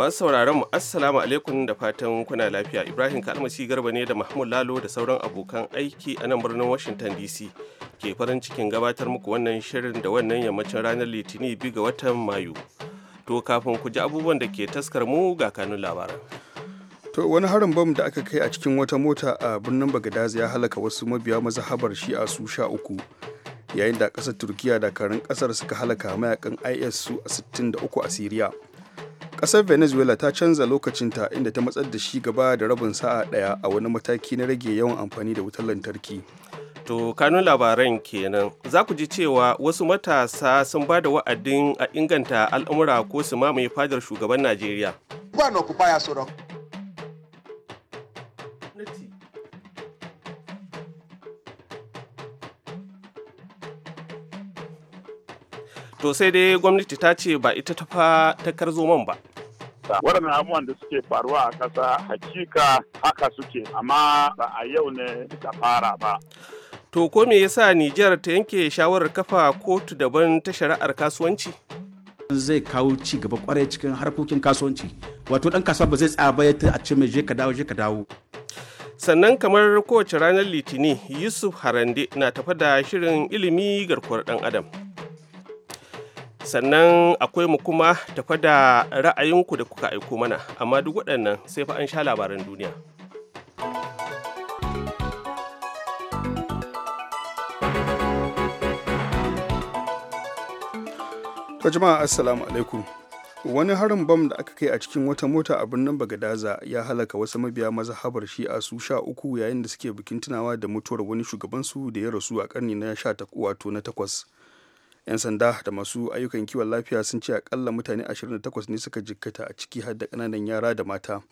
masu sauraron mu assalamu alaikum da fatan kuna lafiya ibrahim kalmasi garba ne da mahmud lalo da sauran abokan aiki a nan birnin washington dc ke farin cikin gabatar muku wannan shirin da wannan yammacin ranar litinin biyu ga watan mayu to kafin ku ji abubuwan da ke taskar mu ga kanun labaran to wani harin bam da aka kai a cikin wata mota a birnin bagadazi ya halaka wasu mabiya mazahabar shi a su sha uku yayin da ƙasar turkiya da karin kasar suka halaka mayakan is su 63 a siriya ƙasar venezuela ta canza lokacinta inda ta matsar da shi gaba da rabin sa'a ɗaya a wani mataki na rage yawan amfani da wutar lantarki to kanun labaran kenan za ku ji cewa wasu matasa sun ba da wa'adin a inganta al'amura ko su mamaye fadar shugaban najeriya to sai dai gwamnati ta ce ba ita ta fa ta man ba waɗannan abubuwan da suke faruwa a ƙasa hakika haka suke amma ba a yau ne ta fara ba to ko me yasa Nijar ta yanke shawarar kafa kotu daban ta shari'ar kasuwanci zai kawo ci gaba kwarai cikin harkokin kasuwanci wato dan kasuwa ba zai tsaya ba a ce mai je ka dawo je ka dawo sannan kamar kowace ranar litini yusuf harande na tafa da shirin ilimi garkuwar dan adam sannan akwai mu kuma tafa da ra'ayinku da kuka aiko mana amma duk waɗannan sai fa an sha labaran duniya to jama'a assalamu alaikum wani harin bam da aka kai a cikin wata mota a birnin bagadaza ya halaka wasu mabiya shi a su sha uku yayin da suke bikin tunawa da mutuwar wani shugabansu da ya rasu a karni na sha wato na takwas 'yan sanda da masu ayyukan kiwon lafiya sun ce akalla mutane 28 ne suka jikkata a ciki har da kananan yara da mata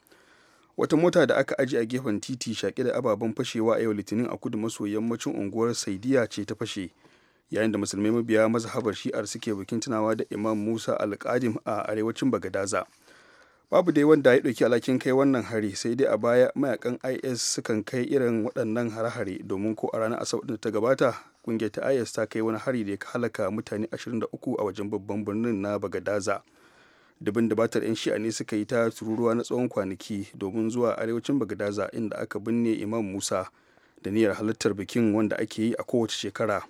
wata mota da aka aji a gefen titi shaƙe da ababen fashewa a yau litinin a kudu maso yammacin unguwar saidiya ce ta fashe yayin da musulmai mabiya mazhabar shi'ar suke bikin tunawa da imam musa alƙadim a arewacin bagadaza babu dai wanda ya ɗauki alhakin kai wannan hari sai dai a baya mayakan is sukan kai irin waɗannan hare-hare domin ko a ranar asabar da ta gabata kungiyar ta IS ta kai wani hari da ya halaka mutane 23 a wajen babban birnin na Bagadaza. da dabatar 'yan shi'a ne suka yi ta tururuwa na tsawon kwanaki domin zuwa arewacin Bagadaza inda aka binne Imam Musa da niyyar halittar bikin wanda ake yi a kowace shekara.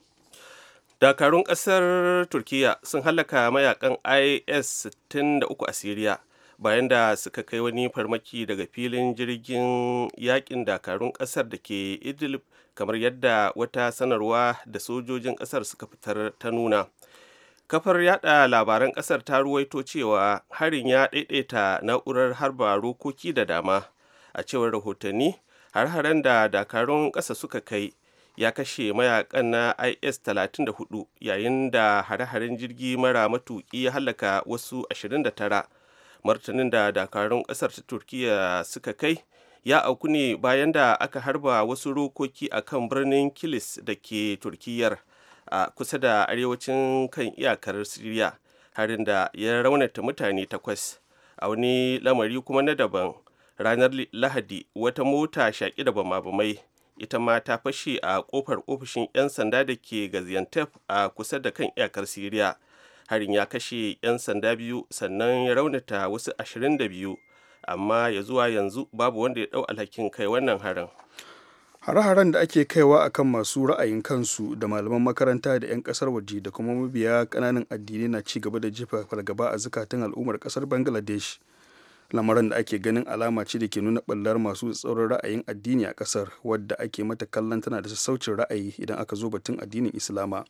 Dakarun ƙasar Turkiyya sun halaka mayakan IS 63 a Siriya. bayan da suka kai wani farmaki daga filin jirgin yakin dakarun kasar da ke idlib kamar yadda wata sanarwa da sojojin ƙasar suka fitar ta nuna kafar yada labaran ƙasar ta ruwaito cewa harin ya daidaita na'urar harba rokoki da dama a cewar rahotanni har-haren da dakarun ƙasa suka kai ya kashe mayakan na is 34 yayin da hare-haren jirgi mara matuki ya halaka wasu 29 martanin da dakarun kasar ta turkiya suka kai ya auku ne bayan da aka harba wasu rokoki a kan birnin kilis da ke turkiyyar a kusa da arewacin kan iyakar siriya harin da ya raunata mutane takwas a wani lamari kuma na daban ranar lahadi wata mota shaƙi da bamabamai ita ma ta fashe a kofar ofishin 'yan sanda da ke gaziantep a kusa da kan iyakar siriya harin ya kashe 'yan sanda biyu sannan ya raunata wasu 22 amma ya zuwa yanzu babu wanda ya dau alhakin kai wannan harin hare-haren da ake kaiwa akan masu ra'ayin kansu da malaman makaranta da 'yan kasar waje da kuma mabiya kananan addinai na ci gaba da jefa fargaba a zukatan al'ummar kasar bangladesh lamarin da ake ganin alama ce da ke nuna ɓallar masu tsaurin ra'ayin addini a kasar wadda ake mata kallon tana da sassaucin ra'ayi idan aka zo batun addinin islama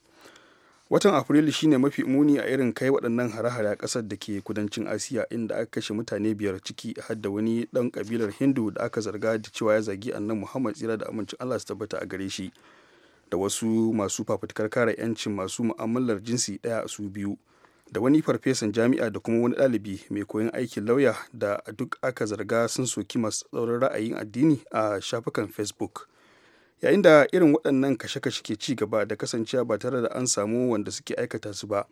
watan afrilu shine mafi muni a irin kai waɗannan hare-hare a ƙasar da ke kudancin asiya inda aka kashe mutane biyar ciki har da wani ɗan ƙabilar hindu da aka zarga da cewa ya zagi annan muhammad tsira da amincin allah su tabbata a gare shi da wasu masu fafutukar kare 'yancin masu mu'amalar jinsi ɗaya su biyu da wani farfesan jami'a da kuma wani ɗalibi mai koyon aikin lauya da duk aka zarga sun soki masu tsaurin ra'ayin addini a shafukan facebook yayin da irin waɗannan kashe-kashe ke ci gaba da kasancewa ba tare da an samu wanda suke aikata su ba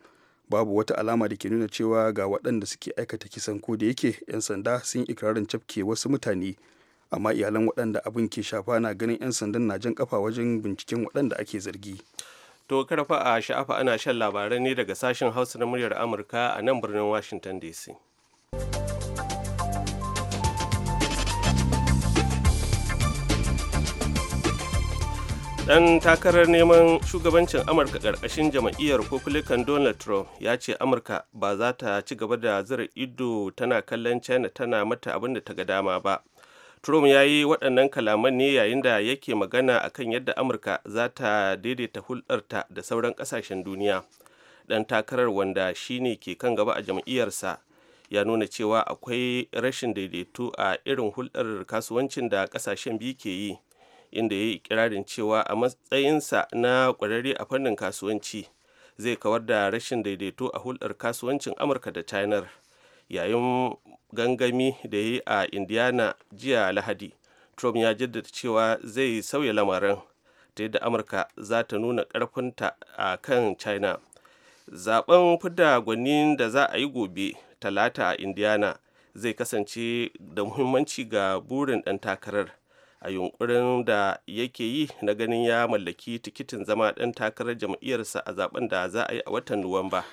babu wata alama da ke nuna cewa ga waɗanda suke aikata kisan ko da yake 'yan sanda sun yi ikirarin cafke wasu mutane amma iyalan waɗanda abin ke shafa na ganin 'yan sandan na jan kafa wajen binciken waɗanda ake zargi to karfa a sha'afa ana shan labarai ne daga sashen hausa na muryar amurka a nan birnin washington dc dan takarar neman shugabancin amurka karkashin jam'iyyar republican donald trump ya ce amurka ba za ta ci gaba da zira ido tana kallon china tana mata abin da ta ga dama ba trump ya yi waɗannan kalaman ne yayin da yake magana akan yadda amurka za ta daidaita hulɗarta da sauran ƙasashen duniya dan takarar wanda shine ke kan gaba a jam'iyyarsa ya nuna cewa akwai rashin daidaito a irin hulɗar kasuwancin da ƙasashen biyu ke yi inda ya yi ikirarin cewa a matsayinsa na ƙwararre a fannin kasuwanci zai kawar da rashin daidaito a hulɗar kasuwancin amurka da china yayin gangami da ya yi a indiana jiya lahadi trump ya jaddada cewa zai sauya lamarin ta yadda amurka za ta nuna ƙarfinta a kan china zaben fidda gwanin da za a yi gobe talata a indiana zai kasance da muhimmanci ga burin ɗan takarar a yunkurin da yake yi na ganin ya mallaki tikitin zama ɗan takarar jam'iyyarsa a zaben da za a yi a watan nuwamba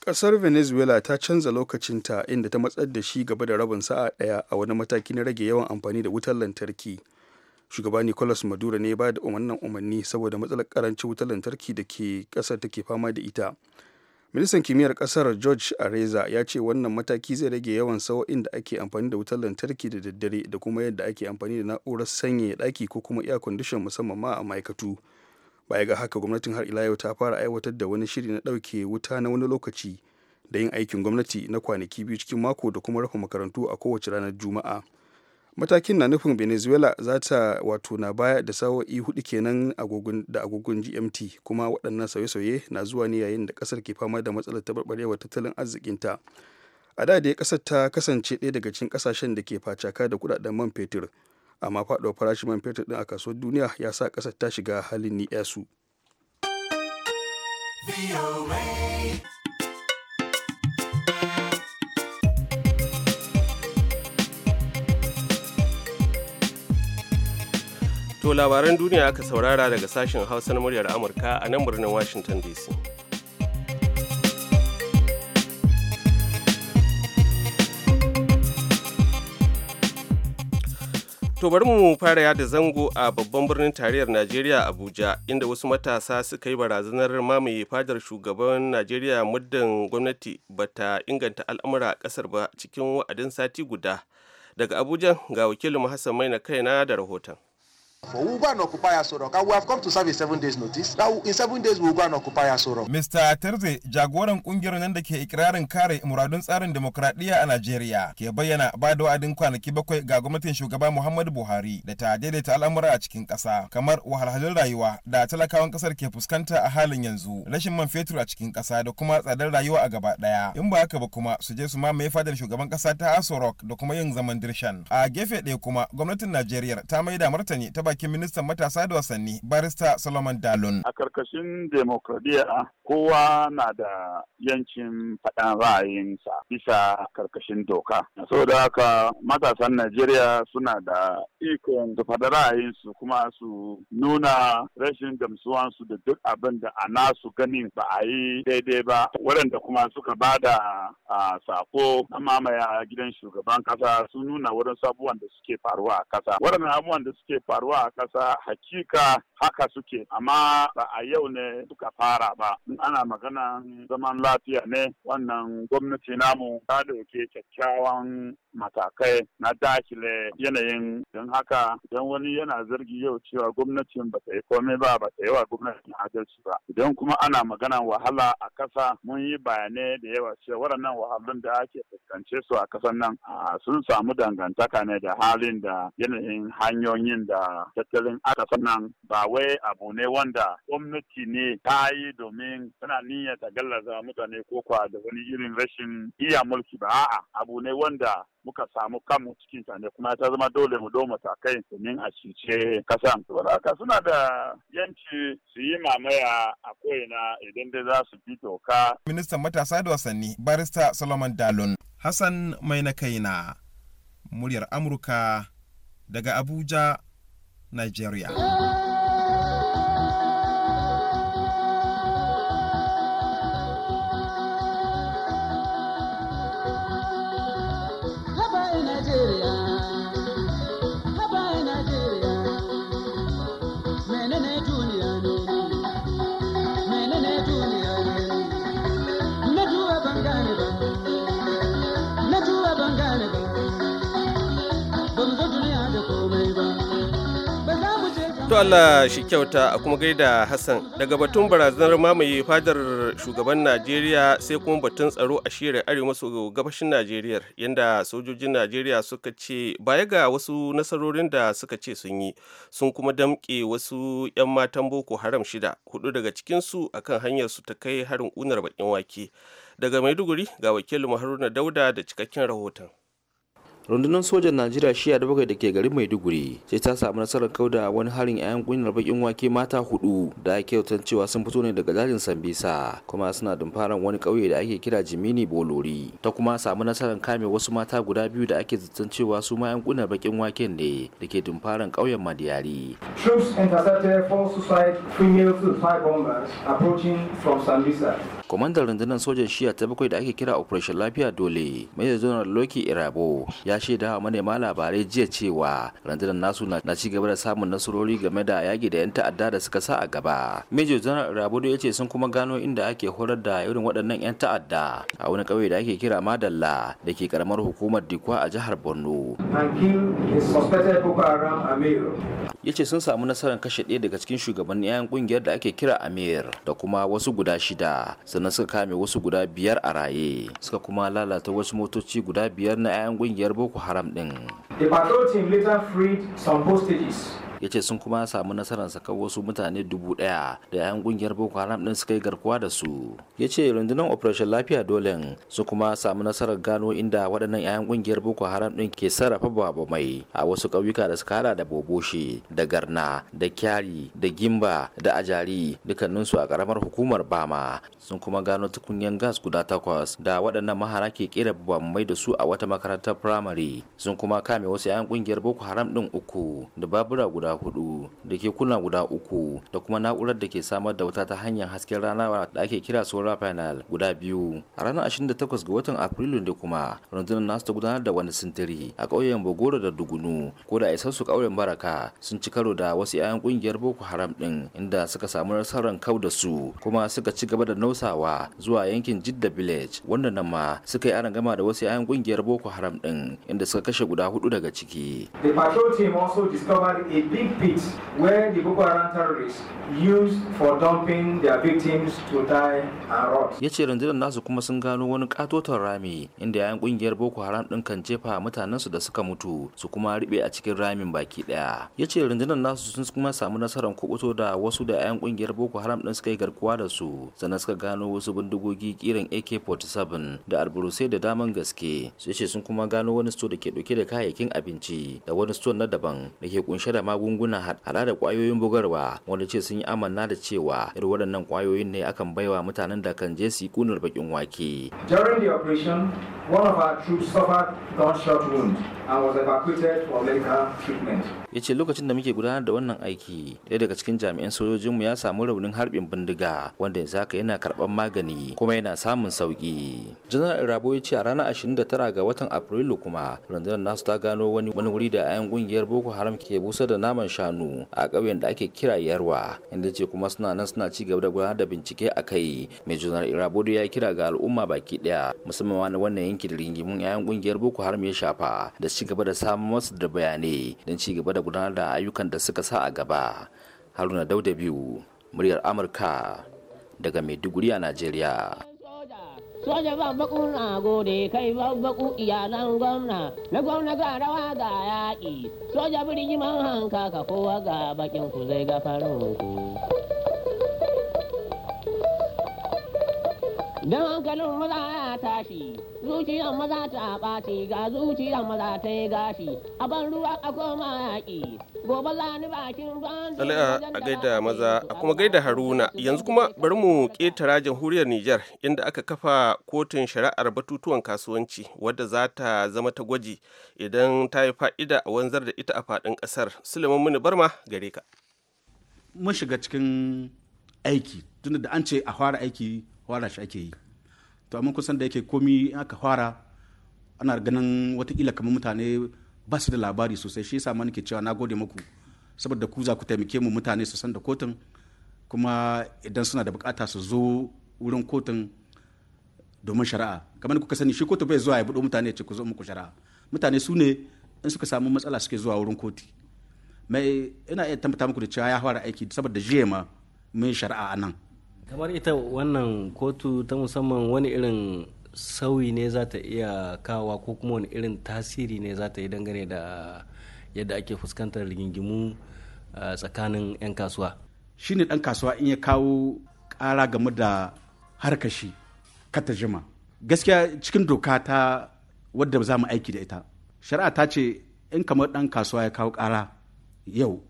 ƙasar venezuela ta canza lokacinta inda ta matsar da shi gaba da rabin sa'a ɗaya a wani mataki na rage yawan amfani da wutar lantarki shugaba nicolas maduro ne ba da umarnin umarni saboda matsalar karancin wutar lantarki da ke ƙasar take fama da ita ministan kimiyyar kasar george areza ya ce wannan mataki zai rage yawan sawa'in da ake amfani da wutar lantarki da daddare da kuma yadda ake amfani da na'urar sanyaya ɗaki ko kuma iya kwandishan musamman ma a ma'aikatu baya ga haka gwamnatin har ila yau ta fara aiwatar da wani shiri na ɗauke wuta na wani lokaci da yin aikin gwamnati na kwanaki biyu cikin mako da kuma rufe makarantu a kowace ranar juma'a matakin na nufin venezuela za ta wato na baya da sawo'i hudu kenan da agogon gmt kuma waɗannan sauye-sauye na zuwa ne yayin da ƙasar ke fama da matsalar taɓarɓarewar tattalin arzikinta a da dai ƙasar ta kasance ɗaya daga cikin ƙasashen da ke facaka da kuɗaɗen man fetur amma faɗuwar farashin man fetur ɗin a kasuwar duniya ya sa ƙasar ta shiga halin ni'yasu. su To labaran duniya aka saurara daga sashen Hausa na muryar Amurka a nan birnin Washington DC. To bari mu fara yada zango a babban birnin tarayyar Najeriya Abuja inda wasu matasa suka yi barazanar mamaye fadar shugaban Najeriya muddin gwamnati bata inganta al'amura a kasar ba cikin wa'adin sati guda. Daga Abuja ga wakilin Hassan Maina kaina da rahoton. For we'll go and occupy Asorok we have come to serve a seven days notice. Now in seven days we'll go and occupy Asorok. Mr. Terze jagoran kungiyar nan da ke ikirarin kare muradun tsarin demokradiya a Najeriya ke bayyana ba da wa'adin kwanaki bakwai ga gwamnatin shugaba Muhammadu Buhari da ta daidaita al'amura a cikin ƙasa kamar wahalhalun rayuwa da talakawan ƙasar ke fuskanta a halin yanzu rashin man fetur a cikin ƙasa da kuma tsadar rayuwa a gaba ɗaya in ba haka ba kuma su je su mamaye fadar shugaban ƙasa ta Asorok da kuma yin zaman dirshan. A gefe ɗaya kuma gwamnatin Najeriya ta maida martani ta bakin ministan matasa da wasanni barista Solomon Dalun. A karkashin demokradiyya kowa na da yancin faɗan ra'ayinsa bisa karkashin doka. Saboda haka matasan Najeriya suna da ikon da faɗa ra'ayinsu kuma su nuna rashin gamsuwansu da duk abin da a nasu ganin ba a yi daidai ba waɗanda kuma suka ba da sako na mamaya gidan shugaban kasa sun nuna wurin sabuwan da suke faruwa a kasa waɗannan abubuwan da suke faruwa A ƙasa hakika haka suke amma ba a yau ne suka fara ba in ana magana zaman lafiya ne wannan gwamnati namu ta dauke kyakkyawan matakai na dakile yanayin don haka don wani yana zargi yau cewa gwamnatin ba ta yi komai ba ba ta yi wa gwamnatin adalci ba idan kuma ana magana wahala a ƙasa mun yi bayanai da yawa cewa waɗannan wahalun da ake fuskance su a ƙasan nan sun samu dangantaka ne da halin da yanayin hanyoyin da tattalin akasin nan ba wai abu ne wanda gwamnati ne ta yi domin tana niyyar ta gallaza mutane ko kwa da wani irin rashin iya mulki ba a'a abu ne wanda muka samu kanmu cikin ne kuma ta zama dole mu doma kai domin a cice kasan haka suna da yanci su yi mamaya a ko'ina idan dai za su bi doka. Ministan matasa da wasanni barista Solomon dalon Hassan mai na kaina muryar Amurka daga Abuja Nigeria. Allah shi kyauta a kuma gaida Hassan daga batun barazanar mamaye fadar shugaban Najeriya sai kuma batun tsaro a shirin arewa maso gabashin Najeriya yadda sojojin Najeriya suka ce baya ga wasu nasarorin da suka ce sun yi sun kuma damƙe wasu 'yan matan Boko Haram shida hudu daga cikinsu a kan hanyar su ta kai harin unar bakin wake daga Maiduguri ga wakilin Haruna Dauda da cikakken rahoton. rundunar sojan najeriya shiya da bakwai da ke garin maiduguri sai ta samu nasarar kauda wani harin 'ya'yan kungiyar bakin wake mata hudu da ake kyautar cewa sun fito ne daga dajin sambisa kuma suna dumfaran wani kauye da ake kira jimini bolori ta kuma samu nasarar kame wasu mata guda biyu da ake zaton cewa su ma 'yan kungiyar bakin waken ne da ke dumfaran kauyen madiyari troops kwamandan rundunar sojan shiya ta bakwai da ake kira operation lafiya dole mai da loki irabo ya ya shaida wa manema labarai jiya cewa rundunar nasu na ci gaba da samun nasarori game da yaki da 'yan ta'adda da suka sa a gaba major general rabodo ya ce sun kuma gano inda ake horar da irin waɗannan 'yan ta'adda a wani ƙauye da ake kira madalla da ke karamar hukumar dikwa a jihar borno ya ce sun samu nasarar kashe ɗaya daga cikin shugabannin 'ya'yan ƙungiyar da ake kira amir da kuma wasu guda shida sannan suka kame wasu guda biyar a raye suka kuma lalata wasu motoci guda biyar na 'ya'yan ƙungiyar boko boko haram ɗin the patrol team later freed some hostages ya ce sun kuma samu nasarar sakar wasu mutane dubu ɗaya da 'yan kungiyar boko haram ɗin suka yi garkuwa da su ya ce rundunar operation lafiya dole su kuma samu nasarar gano inda waɗannan 'yan kungiyar boko haram ɗin ke sarrafa babu mai a wasu ƙauyuka da suka hada da boboshi da garna da kyari da gimba da ajari dukkaninsu a ƙaramar hukumar bama sun kuma gano tukunyar gas guda takwas da waɗannan mahara ke kera mai da su a wata makarantar firamare sun kuma kame wasu 'yan kungiyar boko haram ɗin uku da babura guda guda hudu da kekuna guda uku da kuma na'urar da ke samar da wuta ta hanyar hasken rana da ake kira solar panel guda biyu a ranar 28 ga watan afrilu ne kuma rundunar nasu ta gudanar da wani sintiri a ƙauyen bogoro da dugunu ko da isar su ƙauyen baraka sun ci karo da wasu 'ya'yan ƙungiyar boko haram din inda suka samu nasarar kau da su kuma suka ci gaba da nausawa zuwa yankin jidda village wanda nan ma suka yi aran gama da wasu 'ya'yan ƙungiyar boko haram ɗin inda suka kashe guda hudu daga ciki. The patrol team also discovered a deep pit where the Boko Haram terrorists use for dumping their victims to die and rot. Ya ce rundunar nasu kuma sun gano wani katoton rami inda yayan kungiyar Boko Haram din kan jefa mutanensu da suka mutu su kuma ribe a cikin ramin baki daya. Ya ce rundunar nasu sun kuma samu nasarar kubuto da wasu da yayan kungiyar Boko Haram din suka yi garkuwa da su sannan suka gano wasu bindigogi kiran AK47 da alburusai da daman gaske. su ce sun kuma gano wani sto da ke dauke da kayayyakin abinci da wani sto na daban da ke kunshe da magun magungunan haɗa da kwayoyin bugarwa wanda ce sun yi amanna da cewa irin waɗannan kwayoyin ne akan baiwa mutanen da kan je su kunar bakin wake. During ya ce lokacin da muke gudanar da wannan aiki ɗaya daga cikin jami'an sojojinmu ya samu raunin harbin bindiga wanda yanzu haka yana karɓar magani kuma yana samun sauƙi janar rabo ya ce a ranar 29 ga watan afrilu kuma rundunar nasu ta gano wani wuri da 'yan ƙungiyar boko haram ke busa da nama naman shanu a ƙauyen da ake kira yarwa inda ce kuma suna nan suna ci gaba da gudanar da bincike a kai mai junar irabodo ya kira ga al'umma baki ɗaya musamman wannan yanki da rigimin 'ya'yan ƙungiyar boko haram ya shafa da ci gaba da samun masu da bayanai don ci gaba da gudanar da ayyukan da suka sa a gaba haruna dauda biyu muryar amurka daga maiduguri a najeriya soja babbaku na gode kai babbaku iyalan gwamna na gwamna ga rawa ga yaƙi soja birgiman hanka ka kowa ga bakin ku zai ga farin ku Don hankalin maza ya tashi, zuciyar maza ta ɓaci ga zuciyar maza ta yi gashi, a ban ruwa a koma yaƙi, gobe za ni bakin ruwan da a gaida maza, a kuma gaida Haruna, yanzu kuma bari mu ƙetara jamhuriyar Nijar inda aka kafa kotun shari'ar batutuwan kasuwanci wadda za ta zama ta gwaji idan ta yi fa'ida a wanzar da ita a faɗin ƙasar. Suleiman Muni Barma gare ka. Mun shiga cikin aiki, tunda da an ce a fara aiki fara shi ake yi to amma kusan da yake komi aka fara ana ganin watakila kamar mutane ba su da labari sosai shi yasa nake cewa na gode muku saboda ku za ku taimake mu mutane su san da kotun kuma idan suna da bukata su zo wurin kotun domin shari'a kamar kuka sani shi kotu bai zuwa ya buɗo mutane ce ku zo muku shari'a mutane su ne in suka samu matsala suke zuwa wurin koti mai ina iya tabbata muku da cewa ya fara aiki saboda jiya ma mun shari'a a nan kamar ita wannan kotu ta musamman wani irin sauyi ne za ta iya kawa ko kuma wani irin tasiri ne za ta yi dangane da yadda ake fuskantar rigingimu tsakanin 'yan kasuwa shi ne ɗan kasuwa in ya kawo ƙara game da harkashi kata jima. gaskiya cikin doka ta wadda za mu aiki da ita shari'a ta ce in kamar ɗan kasuwa ya kawo ƙara yau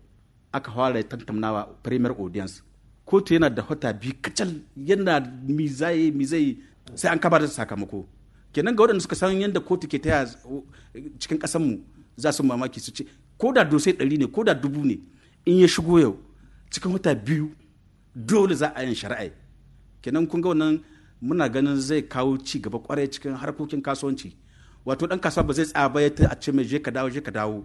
aka fara tantamnawa premier audience kotu yana da hota biyu kacal yana mi zai mi sai an kaba da sakamako kenan ga wadanda suka san yadda kotu ke taya cikin mu za su mamaki su ce ko da dosai ɗari ne ko da dubu ne in ya shigo yau cikin wata biyu dole za a yin shari'a kenan kun ga wannan muna ganin zai kawo ci gaba kwarai cikin harkokin kasuwanci wato dan kasuwa ba zai tsaya ba ya ta a ce mai je ka dawo je ka dawo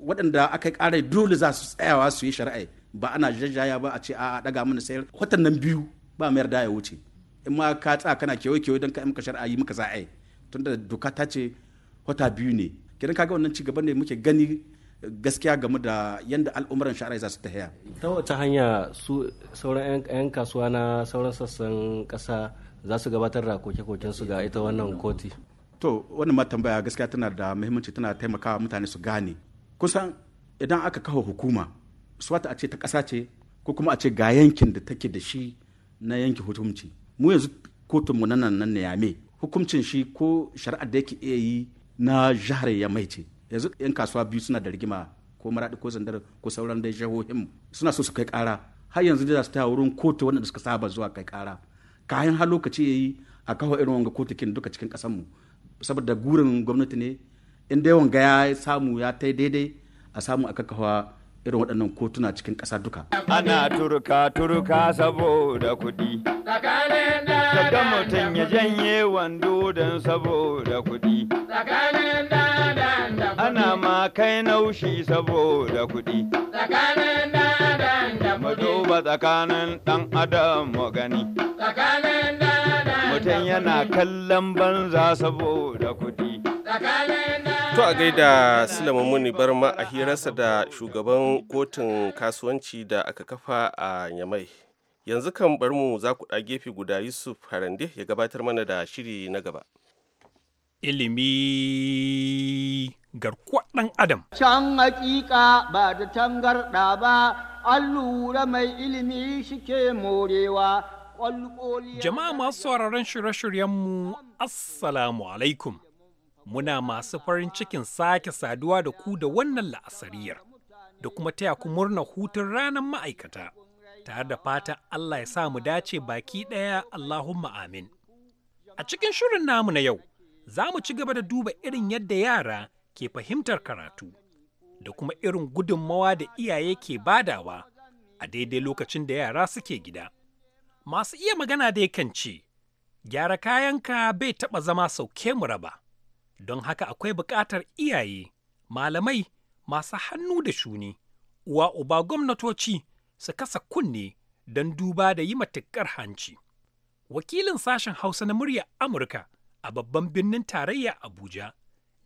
waɗanda aka yi ƙarai dole za su tsayawa su yi shari'a ba ana jajjaya ba a ce a daga mana sayar watan nan biyu ba mayar da ya wuce in ma ka tsaya kana kewaye kewaye don ka yi maka shar'a yi maka za'ai da doka ta ce wata biyu ne ka kaga wannan ci gaba ne muke gani gaskiya game da yadda al'umuran sha'arai za su ta haya. ta wata hanya su sauran 'yan kasuwa na sauran sassan kasa za su gabatar da koke-koken su ga ita wannan koti to wannan ma tambaya gaskiya tana da muhimmanci tana taimakawa mutane su gane kusan idan aka kawo hukuma swata a ce ta ƙasa ce ko kuma a ce ga yankin da take da shi na yanki hukunci mu yanzu kotunmu na nan nan yame hukuncin shi ko shari'ar da yake iya yi na jihar ya mai ce yanzu yan kasuwa biyu suna da rigima ko maraɗi ko zandar ko sauran dai jihohin suna so su kai ƙara har yanzu da su ta wurin kotu wanda suka saba zuwa kai ƙara kayan har lokaci ya yi a kawo irin wanga kin duka cikin mu saboda gurin gwamnati ne in dai wanga ya samu ya ta daidai a samu a kakawa irin waɗannan kotuna cikin ƙasa duka. Ana turka turka saboda kuɗi. Daga mutum ya janye wando don saboda kuɗi. Ana ma kai naushi saboda kuɗi. Mu duba tsakanin ɗan adam mu gani. Mutum yana kallon banza saboda kuɗi. To a gaida Sulaiman Muni Barma a hirarsa da shugaban kotun kasuwanci da aka kafa a Nyamai. Yanzu kan bar mu za ku ɗa gefe guda Yusuf Harande ya gabatar mana da shiri na gaba. Ilimi garkuwa ɗan Adam. Can hakika ba da tangarɗa ba, allura mai ilimi shike morewa. Jama'a masu sauraron shirye-shiryenmu, Assalamu alaikum. muna masu farin cikin sake saduwa da ku da wannan la'asariyar da kuma taya ku murna hutun ranar ma'aikata tare da fata Allah ya sa mu dace baki ɗaya Allahumma amin. A cikin shirin namu na yau, za mu ci gaba da duba irin yadda yara ke fahimtar karatu da kuma irin gudunmawa da iyaye ke badawa a daidai lokacin da yara suke gida. Masu iya magana da kan ce, gyara kayanka bai taɓa zama sauke mu raba. don haka akwai buƙatar iyaye malamai masu hannu da shuni uwa uba gwamnatoci su kasa kunne don duba da yi matuƙar hanci wakilin sashen hausa na murya amurka a babban birnin tarayya abuja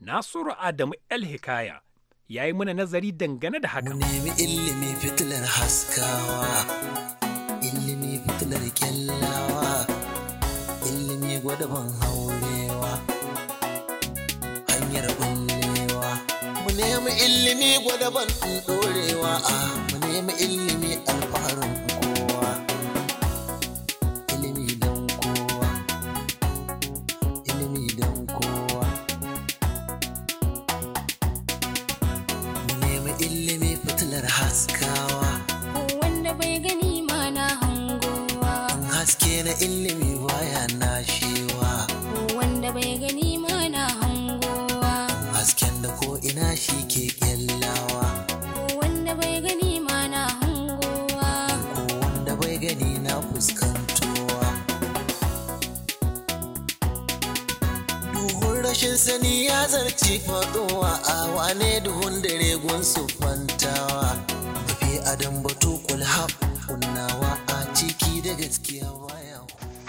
nasiru adamu el hikaya ya yi mana nazari dangane da haka. nemi ilimi fitilar haskawa, ilimi fitilar kyallawa, ilimi ban haure. hanyar bullewa mu nemi ilimi gwadaban dorewa a mu nemi ilimi alfaharin kowa ilimi don kowa ilimi don kowa mu nemi ilimi fitilar haskawa wanda bai gani ma na hangowa haske na ilimi ci faduwa a wane duhun dare su fantawa mafi adam batu kulhab kunnawa a ciki da gaskiya waya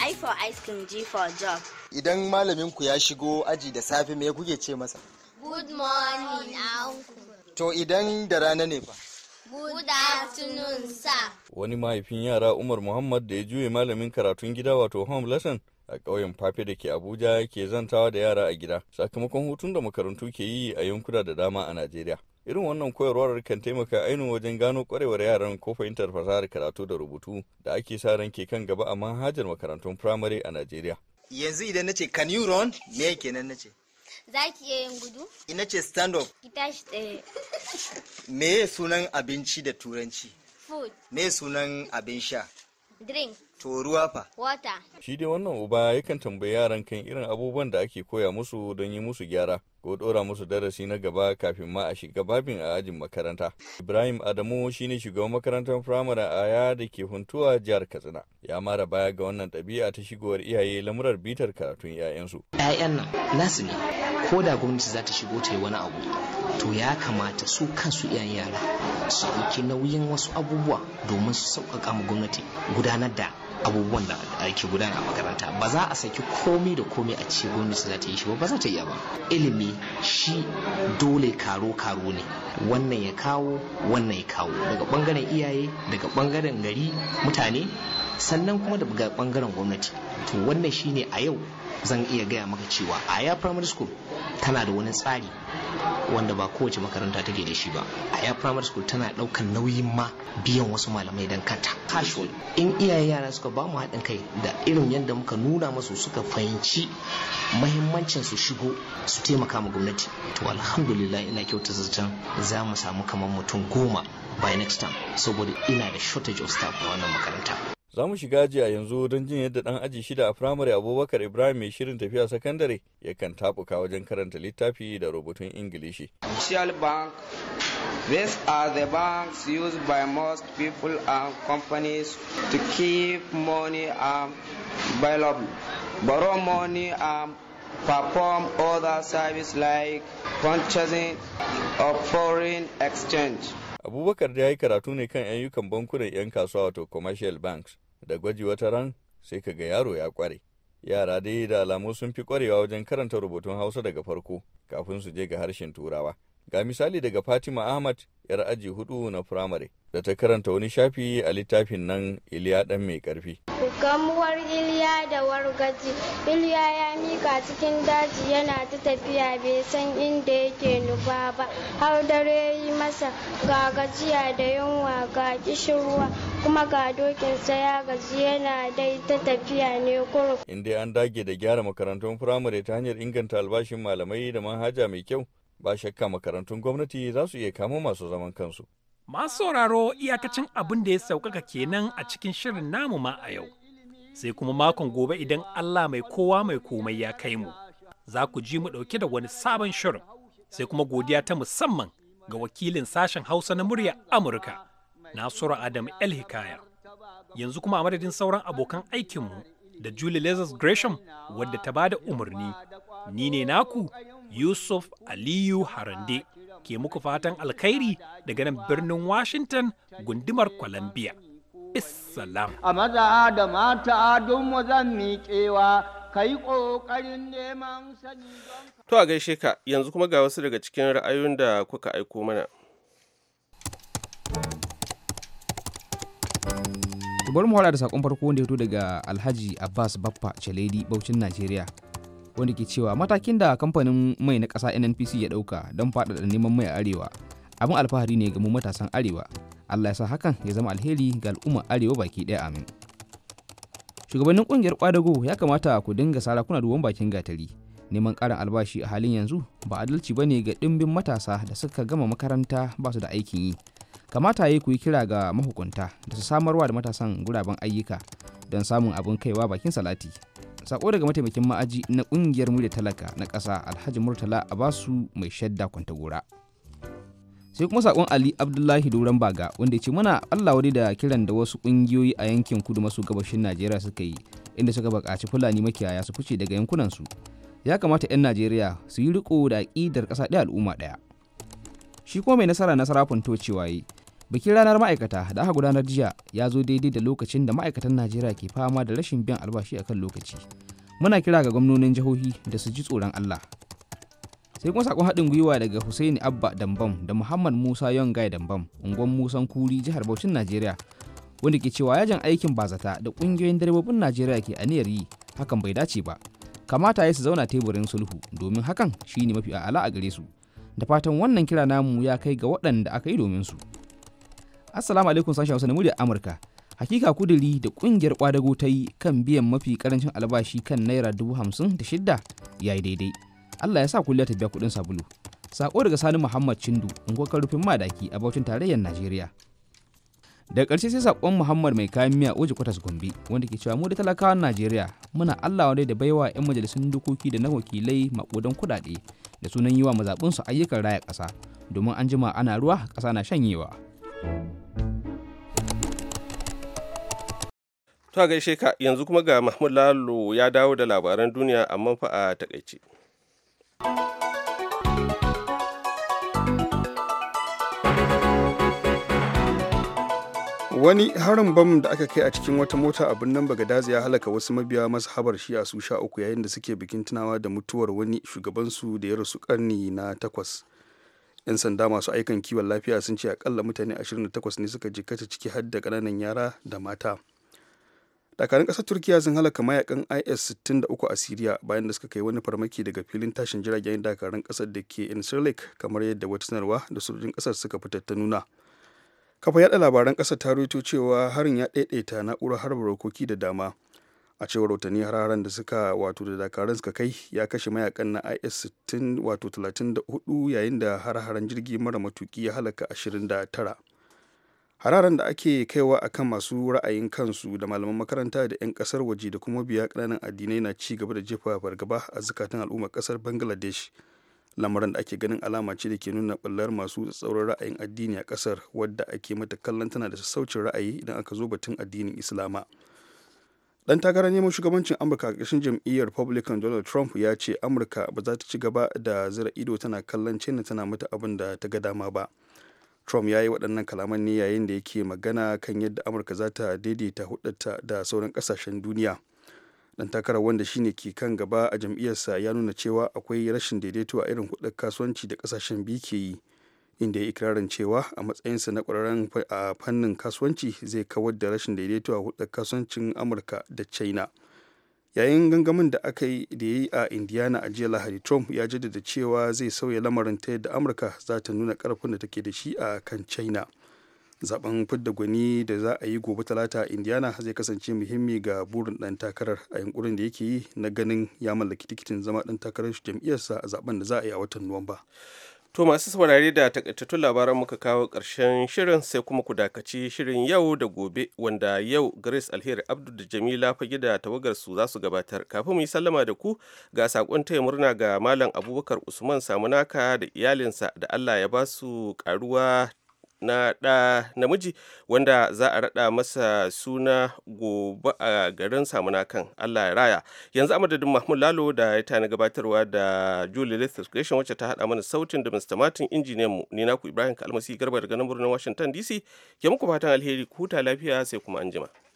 I for ice cream, G for job. Idan malamin ku ya shigo aji da safe me kuke ce masa? Good morning, uncle. To idan da rana ne fa? Good afternoon, sir. Wani mahaifin yara Umar Muhammad da ya juye malamin karatun gida wato home lesson a ƙauyen fafe da ke Abuja ke zantawa da yara a gida sakamakon hutun da makarantu ke yi a yankuna da dama a Najeriya. Irin wannan koyarwar kan taimaka ainihin wajen gano kwarewar yaran ko fahimtar fasahar karatu da rubutu da ake sa ran ke kan gaba a manhajar makarantun firamare a Najeriya. Yanzu idan na ce can you run me kenan na ce? Za ki iya yin gudu? Ina ce stand up. Ki tashi tsaye. Me sunan abinci da turanci? Food. Me sunan abin sha? Drink. To ruwa fa? Water. Shi dai wannan uba yakan tambayi yaran kan irin abubuwan da ake koya musu don yi musu gyara ko dora musu darasi na gaba kafin ma a shiga babin a ajin makaranta. Ibrahim Adamu shine shugaban makarantar firamare ya da ke huntuwa jihar Katsina. Ya mara baya ga wannan ɗabi'a ta shigowar iyaye lamurar bitar karatun 'ya'yansu. 'Ya'yan nan nasu ne ko da gwamnati za ta shigo ta yi wani abu to ya kamata su kansu iyayen yara su ɗauki nauyin wasu abubuwa domin su sauƙaƙa ma gwamnati gudanar da abubuwan da ake gudanar a makaranta ba za a saki komai da komai a ce gwamnati za ta yi shi ba za ta yi ba ilimi shi dole karo karo ne wannan ya kawo wannan ya kawo daga bangaren iyaye daga bangaren gari mutane sannan kuma daga bangaren gwamnati to wannan shine a yau zan iya gaya maka cewa aya primary school tana da wani tsari wanda ba kowace makaranta take da shi ba aya primary school tana daukan nauyin ma biyan wasu malamai don kanta casual in iyaye yara suka ba mu haɗin kai da irin yadda muka nuna masu suka fahimci mahimmancin su shigo su taimaka ma gwamnati to alhamdulillah ina kyauta zaton za mu samu kamar mutum goma by next time saboda ina da shortage of staff a wannan makaranta Za mu shiga jiya a yanzu don jin yadda dan aji shida a firamare Abubakar Ibrahim mai shirin tafiya sakandare ya kan tabuka wajen karanta littafi da rubutun Ingilishi. Commercial Bank These are the banks used by most people and companies to keep money um, available, borrow money um, perform other services like purchasing or foreign exchange. Abubakar da ya yi karatu ne kan ayyukan bankunan 'yan kasuwa wato commercial banks da gwaji wata ran sai ka ga yaro ya kware yara dai da alamu sun fi kwarewa wajen karanta rubutun hausa daga farko kafin su je ga harshen turawa Ga misali daga Fatima Ahmad, 'yar aji hudu na firamare, da ta karanta wani shafi a littafin nan Iliya dan mai karfi Gamuwar Iliya da wargaji, Iliya ya mika cikin daji yana ta tafiya bai san inda yake nufa ba, har dare yi masa ga gajiya da yunwa ga kishirwa kuma ga dokinsa ya gaji yana dai ta tafiya ne kurum. Inda an dage da gyara makarantun firamare ta hanyar inganta albashin malamai da manhaja mai kyau, ba shakka makarantun gwamnati za su iya kamo masu zaman kansu. Masu sauraro iyakacin abin da ya sauƙaƙa kenan a cikin shirin namu ma a yau. Sai kuma makon gobe idan Allah mai kowa mai komai ya kai mu. Za ku ji mu ɗauke da wani sabon shirin. Sai kuma godiya ta musamman ga wakilin sashen Hausa na murya Amurka, Nasiru Adam El Hikaya. Yanzu kuma a madadin sauran abokan aikinmu da Julie Lazarus Gresham wadda ta da umarni. Ni ne naku Yusuf Aliyu Harande ke muku fatan alkhairi daga nan birnin Washington gundumar Columbia. Bissalam. A maza da mata don wazan miƙewa ka yi ƙoƙarin neman sani To a gaishe ka yanzu kuma ga wasu daga cikin ra'ayoyin da kuka aiko mana. bari mu da sakon farko wanda ya fito daga alhaji abbas baffa chaledi baucin najeriya wanda ke cewa matakin da kamfanin mai na ƙasa nnpc ya ɗauka don faɗaɗa neman mai a arewa abin alfahari ne ga mu matasan arewa allah ya sa hakan ya zama alheri ga al'ummar arewa baki ɗaya amin shugabannin ƙungiyar kwadago ya kamata ku dinga sarakuna ruwan bakin gatari neman ƙarin albashi a halin yanzu ba adalci ba ne ga ɗimbin matasa da suka gama makaranta ba su da aikin yi kamata ya yi ku yi kira ga mahukunta da su samarwa da matasan guraben ayyuka don samun abin kaiwa bakin salati sako daga mataimakin ma'aji na kungiyar mu da talaka na ƙasa alhaji murtala a basu mai shadda gora. sai kuma sakon ali abdullahi doron baga wanda ya ce mana allah wani da kiran da wasu kungiyoyi a yankin kudu maso gabashin najeriya suka yi inda suka buƙaci fulani makiyaya su fice daga yankunansu ya kamata 'yan najeriya su yi riko da aƙidar ƙasa ɗaya al'umma ɗaya shi kuma mai nasara nasara fanto cewa yi bikin ranar ma'aikata da aka gudanar jiya ya zo daidai da lokacin da ma'aikatan najeriya ke fama da rashin biyan albashi akan lokaci muna kira ga gwamnonin jihohi da su ji tsoron allah sai kuma sakon haɗin gwiwa daga Hussaini abba dambam da muhammad musa yongai dambam unguwan musan kuri jihar bauchin najeriya wanda ke cewa yajin aikin bazata da ƙungiyoyin darebobin najeriya ke aniyar yi hakan bai dace ba kamata ya su zauna teburin sulhu domin hakan shine mafi a'ala a gare su da fatan wannan kira namu ya kai ga waɗanda aka yi domin su Assalamu alaikum sashen Hausa na muryar Amurka. Hakika kuduri da kungiyar kwadago ta yi kan biyan mafi karancin albashi kan naira dubu hamsin da shidda ya yi daidai. Allah ya sa kulle ta biya kudin sabulu. Sako daga Sani Muhammad Chindu, unguwar rufin madaki a bautin tarayyar Najeriya. Da ƙarshe sai saƙon Muhammad mai kayan miya Oji Kwatas Gombe wanda ke cewa mu da talakawan Najeriya muna Allah wadai da baiwa 'yan majalisun dokoki da na wakilai maƙudan kuɗaɗe da sunan yi wa su ayyukan raya ƙasa domin an jima ana ruwa ƙasa na shanyewa. To gaishe ka yanzu kuma ga Mahmud Lalo ya dawo da labaran duniya a fa a takaice. Wani harin bam da aka kai a cikin wata mota a birnin Bagadazi ya halaka wasu mabiya shi shi su sha uku yayin da suke bikin tunawa da mutuwar wani shugabansu da ya rasu karni na takwas. 'yan sanda masu aikan kiwon lafiya sun ce akalla mutane 28 ne suka jikkata ciki har da kananan yara da mata dakarun ƙasar turkiya sun halaka mayakan is 63 a syria bayan da suka kai wani farmaki daga filin tashin jiragen dakarun ƙasar da ke incirlik kamar yadda wata sanarwa da sojojin ƙasar suka fitar ta nuna kafa yada labaran ƙasar ta cewa harin ya ɗaiɗaita na'urar harba rokoki da dama a cewar rahotanni hararen da suka wato da dakarun suka kai ya kashe mayakan na is 60 wato 34 yayin da har jirgi mara matuki ya halaka 29 hararen da ake kaiwa akan masu ra'ayin kansu da malaman makaranta da 'yan kasar waje da kuma biya kananan addinai na ci gaba da jefa fargaba a zukatan al'ummar kasar bangladesh lamarin da ake ganin alama ce da ke nuna ɓullar masu tsauran ra'ayin addini a kasar wadda ake mata kallon tana da sassaucin ra'ayi idan aka zo batun addinin islama dan takarar neman shugabancin amurka a ƙarshen jam'iyyar republican donald trump ya ce amurka ba za ta ci gaba da zira ido tana kallon china tana mata abin da ta ga dama ba trump ya yi waɗannan kalaman ne yayin da yake magana kan yadda amurka za ta daidaita hudata da sauran ƙasashen duniya dan takarar wanda shine ke kan gaba a jam'iyyarsa ya nuna cewa akwai rashin daidaito a irin hudar kasuwanci da ƙasashen biyu ke yi inda ya ikirarin cewa a matsayinsa na ƙwararren a fannin kasuwanci zai kawar da rashin daidaito a hudu kasuwancin amurka da china yayin gangamin da aka yi da ya yi a indiana a jiya lahadi trump ya jaddada cewa zai sauya lamarin ta yadda amurka za ta nuna karfin da take da shi a kan china zaben fidda gwani da za a yi gobe talata a indiana zai kasance muhimmi ga burin ɗan takarar a yankurin da yake yi na ganin ya mallaki tikitin zama ɗan takarar jam'iyyarsa a zaben da za a yi a watan nuwamba To masu saurare da takaitattun labaran muka kawo ƙarshen shirin sai kuma ku dakaci shirin yau da gobe wanda yau Grace Alheri abdul da Jamila fage da tawagar su za su gabatar. Kafin mu yi sallama da ku ga sakon taya murna ga Malam Abubakar Usman Samunaka da iyalinsa da Allah ya ba su karuwa na ɗa namiji wanda za a raɗa masa suna gobe a garin samunakan allah ya raya yanzu amadadin mahmud lalo da ya tani gabatarwa da julie lethal creation wacce ta haɗa mana sautin da mr martin injiniyan mu ni naku ibrahim kalmasi garba daga nan birnin washington dc ke muku fatan alheri ku huta lafiya sai kuma anjima.